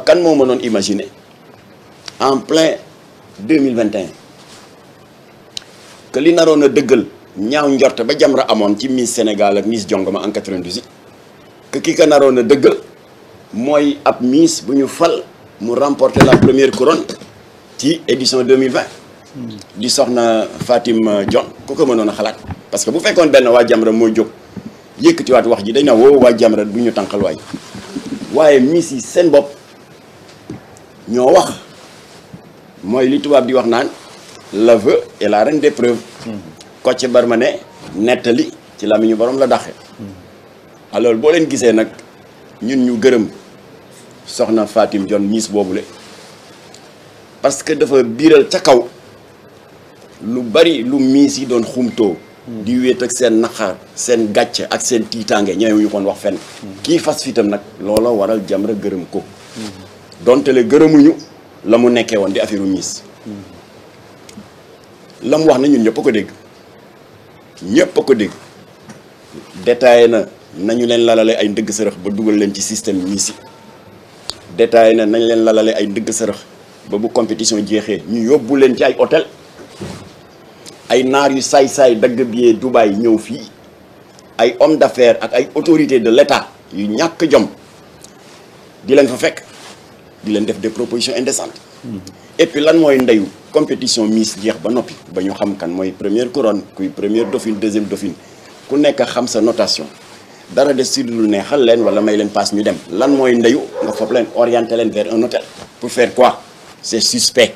crois kan moo mënoon imaginer en plein 2021 que li naroon a dëggal ñaaw njort ba Jamra amoon ci Miss Sénégal ak Miss Jongoma en 98 que ki ko naroon a dëggal mooy ab Miss bu ñu fal mu remporter la première couronne ci édition 2020 di soxna Fatim Dione ku ko mënoon a xalaat parce que bu fekkoon benn waa Jamra moo jóg yëkkatiwaat wax ji dañ na woo waa Jamra bu ñu tànqal waay waaye Miss yi seen bopp ñoo wax mooy li tubaab di wax naan l'aveu est la reine des preuves Barmane nettali ci làmmiñu borom la daxe alors boo leen gisee nag ñun ñu gërëm soxna Fatim Dione miis le parce que dafa biiral ca kaw lu bari lu miis yi doon xumtoo di wéet ak seen naqar seen gàcce ak seen tiitaange ñooñu ñu koon wax fenn kii fas fitam nag looloo waral Jamra gërëm ko donte le gërëmuñu la mu nekkee woon di affaire Miss hmm. la mu wax na ñun ñëpp ko dégg ñëpp ko dégg détaillé na nañu leen lalale ay ndëgg sërëx ba dugal leen ci système Miss yi détaillé na nañ leen lalale ay ndëgg sërëx ba bu compétition jeexee ñu yóbbu leen ci ay hôtel ay naar yu saay-saay dagg billet Dubaï ñëw fii ay homme d'affaires ak ay autorités de l'État yu ñàkk jom di leen fa fekk di leen def des propositions indécentes et puis lan mooy ndeyu compétition Miss jeex ba noppi ba ñu xam kan mooy première couronne kuy première dauphine deuxième dauphine ku nekk xam sa notation dara des si lu neexal leen wala may leen paas ñu dem lan mooy ndeyu nga foog leen orienté leen vers un hôtel pour faire quoi c'est suspect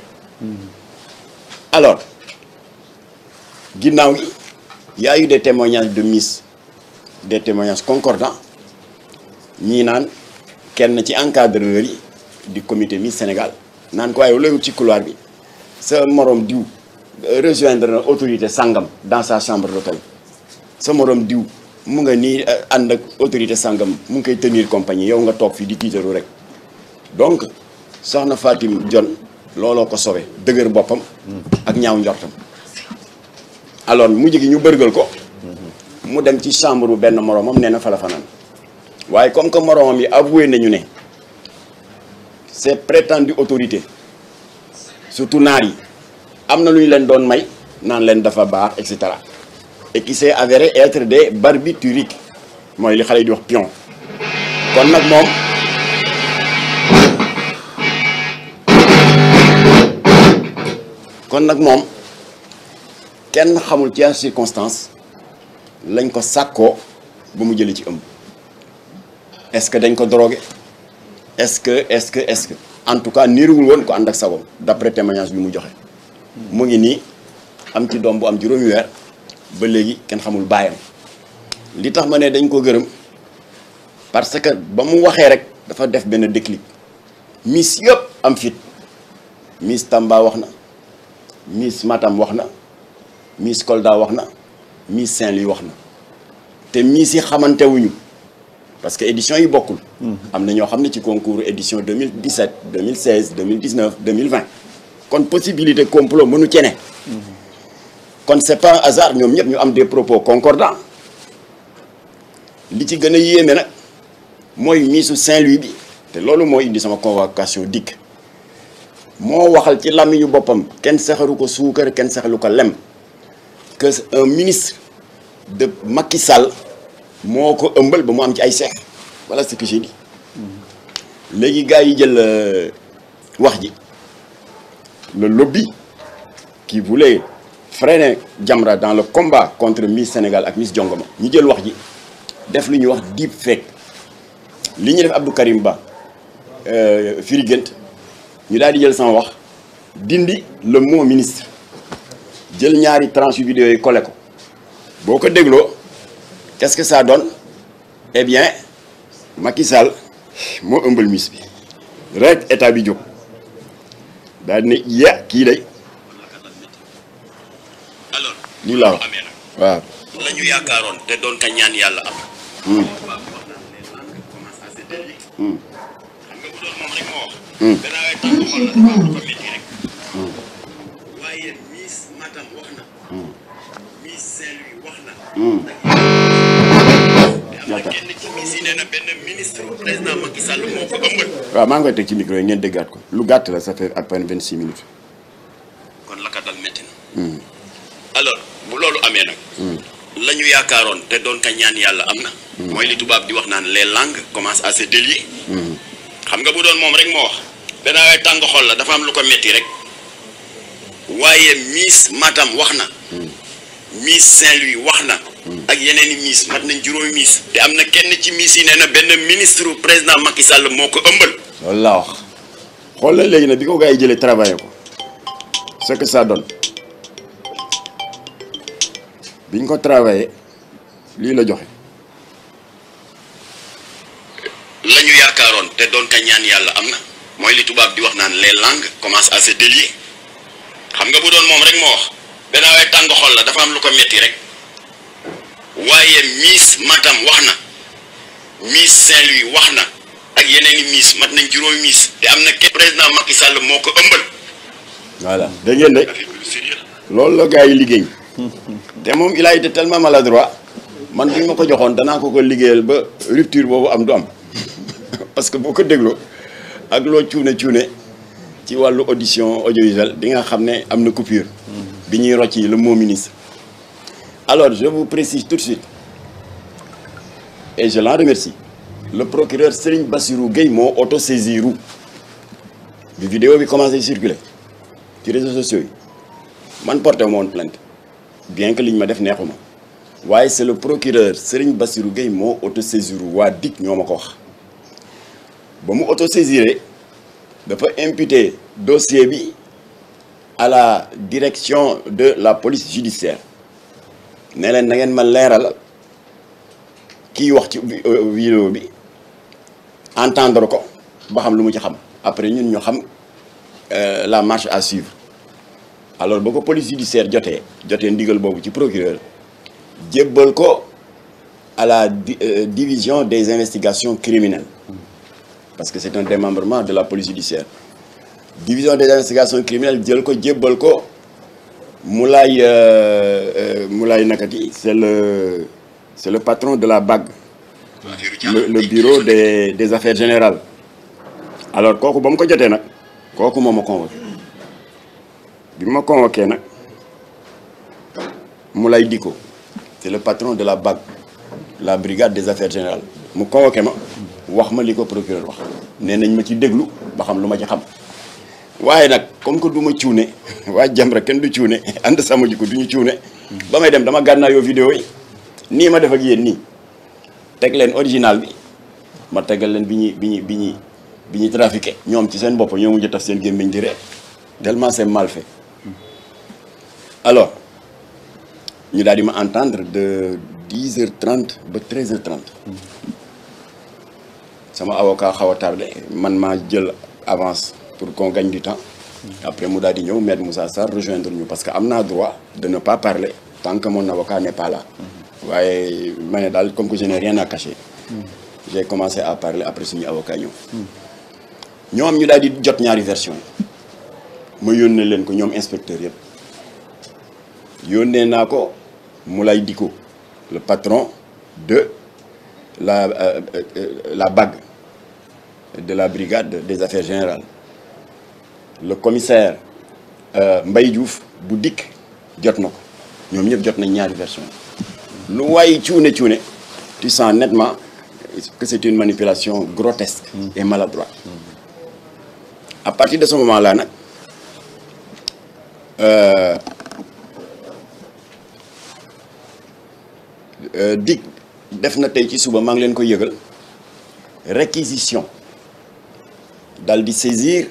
alors ginnaaw yi y a eu des témoignages de Miss des témoignages concordants ñii naan kenn ci encadreur yi du comité Miss Sénégal naan ko waaye looy wut ci couloir bi sa moroom diw rejoindre na autorité sangam dans sa chambre d'hôtel sa moroom diw mu nga nii eh, ànd ak autorité sangam mu ngi koy tenir compagnie yow nga toog fii di tiitaru rek donc soxna Fatim jon looloo ko sowe dëgër boppam ak ñaaw njortam alors mujj gi ñu bërgal ko mu dem ci chambre bu benn moromam nee na fa la fanaan waaye comme que moromam yi avoué nañu ne ces prétendues autorité surtout naar yi am na luñ leen doon may naan leen dafa baax et cetera et qui s'est avéré être des barbituriques mooy li xale yi di wax pion kon nag moom kon nag moom kenn xamul ci circonstance lañ ko sàkkoo ba mu jëlee ci ëmb est-ce que dañ ko drogué est-ce que est-ce que est-ce en tout cas niiruwul woon ko ànd ak sagoom d'après témoignage bi mu joxe. mu ngi nii am ti doom bu am juróom juróomi weer ba léegi kenn xamul baayam li tax ma ne dañ ko gërëm parce que ba mu waxee rek dafa def benn déclic miss yëpp am fit miss Tamba wax na miss Matam wax na miss Kolda wax na miss Saint-Louis wax na te miss yi xamante parce que édition yi bokkul. am na ñoo xam ne ci concours édition 2017 2016 2019 2020 kon possibilité complot mënu cene kon c'est pas un hasard ñoom ñëpp ñu am de propos concordants li ci gën a yéene nag mooy miisu Saint-Louis bi te loolu moo indi sama convocation dikk moo waxal ci làmmiñu boppam kenn saxaru ko suukar kenn saxaru ko lem que un ministre de Macky Sall. moo ko ëmbal ba mu am ci ay seex voilà ce que j'ai léegi gars yi jël euh, wax ji le lobby qui voulait freiner Jamra dans le combat contre Miss Sénégal ak Miss Jongoma ñu jël wax ji def lu ñuy wax deep fake li ñuy def Abdou Karim Ba euh, firi gént ñu daal di jël sama wax dindi le mot ministre jël ñaari tranche vidéo yi collé ko boo ko dégloo qu'est-ce que ça donne eh bien Macky moo ëmbal miis bi rek état bi jóg daal kii day alors laaw waaw la yaakaaroon te doon ka ñaan yàlla am hmm. Hmm. Hmm. waaye miis Matam benn ci miss ministre président Macky Sall moo ko ëmbal. waaw maa ngi koy teg ci micro yi ngeen déggaat ko lu gàtt la ça fait à vingt six minutes. kon la ka dal métti na. Hmm. alors bu loolu amee nag. Hmm. la ñu yaakaaroon te doon ka yàlla am na. Hmm. mooy li tubaab di wax naan lee langues commencent à se délier. xam nga bu doon moom rek moo wax. benn waay tàng xol la dafa am lu ko metti rek. waaye Miss Matam wax na. Miss Saint-Louis wax na. ak yeneen i miss nañ juróomi miis te am na kenn ci miss yi nee na benn ministre président Macky Sall moo ko ëmbal. loolu laa wax xool la léegi nag bi ko jëlee travaillé ko ce que ça ko travaillé lii la joxe. la ñu yaakaaroon te doon ka ñaan yàlla am na mooy li tubaab di wax naan les langues commence à se délier xam nga bu doon moom rek moo wax benn waaye tàng xol la dafa am lu ko metti rek. waaye Miss Matam wax na Miss Saint-Louis wax na ak yeneen i Miss mat nañ juróomi Miss te am na kenn président Macky Sall moo ko ëmbal. voilà dégg ngeen de loolu la gars yi liggéey te moom il a été tellement maladroit man bu ñu ma ko joxoon danaa ko ko liggéeyal ba rupture boobu am du am parce que boo ko dégloo ak loo cuune cuune ci wàllu audition audiovisuelle di nga xam ne am na coupure bi ñuy rocc le mot ministre. Alors, je vous précise tout de suite, et je l'en remercie, le procureur Serigne Bassirou Gueye moo auto-saisiru bi vidéo bi commencé circuler ci réseaux sociaux yi man porté wu ma woon bien que liñ ma def neexuma waaye c'est le procureur Serigne Bassirou Gueye moo auto-saisiru waa DIC ñoo ma ko wax ba mu auto-saisiré dafa imputer dossier bi à la direction de la police judiciaire ne leen na ngeen ma leeral kii wax ci euh, vidéo bi entendre ko ba xam lu mu ci xam après ñun ñu xam euh, la marche à suivre alors ba ko police judiciaire jotee jotee ndigal boobu ci procureur jébbal ko à la euh, division des investigations criminelles parce que c'est un démembrement de la police judiciaire division des investigations criminelles jël ko jébbal ko Moulay euh, euh, Moulay Nakati c'est le c'est le patron de la BAG le, le bureau des des affaires générales alors kooku ba mu ko jotee nag kooku moom ma convoqué bi ma convoqué nag Moulay Diko c'est le patron de la BAG la brigade des affaires générales mu convoqué ma wax ma li ko procureur wax nee nañ ma ci déglu ba xam lu ma ci xam waaye nag comme que du ma cuune waa Jamra kenn du cuune ànd sama jikko du ñu cuune ba may dem dama gànnaayoo vidéo yi nii ma def ak yéen nii teg leen original bi ma tegal leen bi ñuy bi bi ñuy bi ñuy trafiqué ñoom ci seen bopp ñoo mujj taf seen gémmiñ di ree seen c'est mal fait alors ñu daal di ma entendre de 10 heures 30 ba 13 heures 30 sama avocat xaw a tardé man maa jël avance pour qu'on gagne du temps. après mu daal di ñëw maître Moussa Sarr rejoindre ñu parce que am naa droit de ne pas parler tant que mon avocat n'est pas là. waaye ma ne daal comme que je n'ai rien à cacher. j'ai commencé à parler après suñu avocat ñëw. ñoom ñu daal di jot ñaari version ma yónnee leen ko ñoom inspecteur yëpp yónnee naa ko Moulay Diko le patron de la euh, euh, euh, la BAG de la brigade des affaires générales. le commissaire euh, mbay Diouf bu dikk jot na ko ñoom ñëpp jot na ñaari version lu waay cuune cuune tu sens nettement que c'est une manipulation grotesque mm. et maladroite à partir de ce moment là nag euh, euh def na tey ci suba maa ngi leen ko yëgal réquisition dal di saisir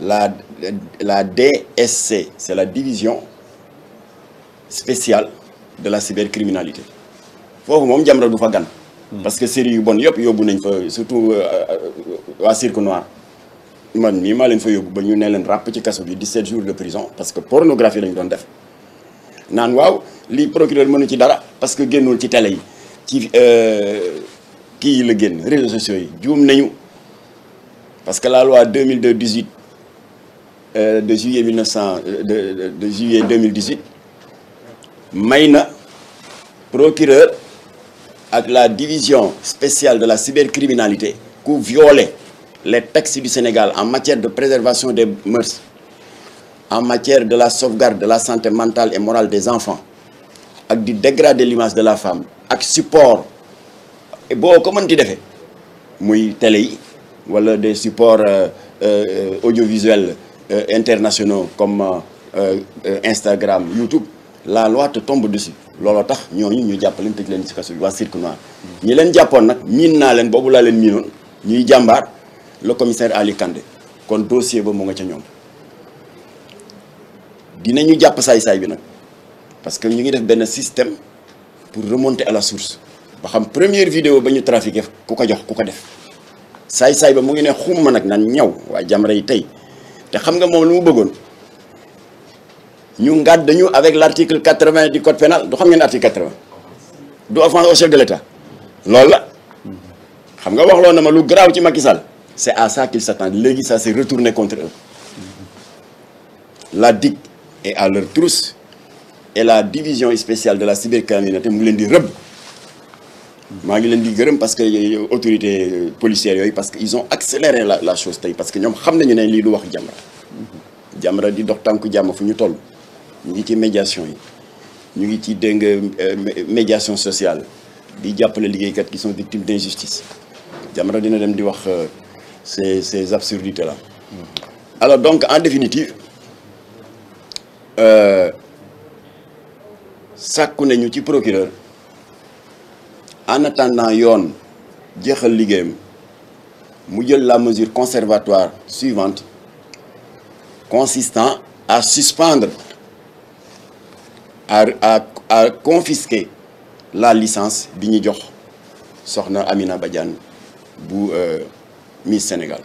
la la DSC c'est la division spéciale de la cybercriminalité foofu moom Jamra du fa gan. Hmm. parce que série yu bon yëpp yóbbu nañ fa surtout euh, euh, waa cirque noir man mii maa leen fa yóbbu ba ñu ne leen ràpp ci kaso bi 17 jour de prison parce que pornographie lañu doon def naan waaw lii procureur mënu ci dara parce que génnul ci tele yi ci euh, kii yi la génn réseaux sociaux yi juum nañu parce que la loi 2002 18 Euh, de juillet 1900 euh, de de juillet 2018 may na procureur ak la division spéciale de la cybercriminalité ku violer les textes du Sénégal en matière de préservation des mœurs en matière de la sauvegarde de la santé mentale et morale des enfants ak di dégrader l'image de la femme ak support boo ko mënti defee muy télé yi wala des supports euh, audiovisuels Euh, internationaux comme euh, euh, Instagram YouTube la loi te tombe dessus looloo tax ñooñu ñu jàpp leen tëj leen ci kaso bi waa cirque noir ñi leen jàppoon nag miin naa leen boobu laa leen miinoon ñuy jàmbaar le commissaire Ali Kandé kon dossier ba mu nga ca ñoom dina ñu jàpp saay-saay bi nag parce que ñu ngi def benn système pour remonter à la source ba xam première vidéo ba ñu trafiqué ku ko jox ku ko def saay-saay ba mu ngi ne xumma nag nan ñaw waa Jamra yi tey te xam nga moom lu mu bëggoon ñu ngàdd dañu avec l' article quatre vingt du code pénal du xam ngeen article quatre vingt du offense au chef de loolu la xam nga waxloo na ma lu garaaw ci Macky Sall c' est à ça qu' ils s' attendent léegi sa s' est retourné contre eux la DIC est à leur trousse et la division spéciale de la cybercriminalité mu leen di rëbb. maa ngi leen di gërëm parce que autorité policières yooyu parce que ils ont accéléré la la chose tey parce que ñoom xam nañu ne lii du wax Jamra Jamra di dox tànku jàmm fu ñu toll ñu ngi ci médiation yi ñu ngi ci dégg euh, médiation sociale di jàppale liggéeykat qui sont victimes d'injustice Jamra dina dem di wax euh, ces ces absurdités là alors donc en définitive euh, sàkku nañu ci procureur en attendant yoon jeexal liggéeyam mu jël la mesure conservatoire suivante consistant à suspendre à confisquer la licence bi ñu jox soxna Amina Badiane bu euh, Miss Sénégal.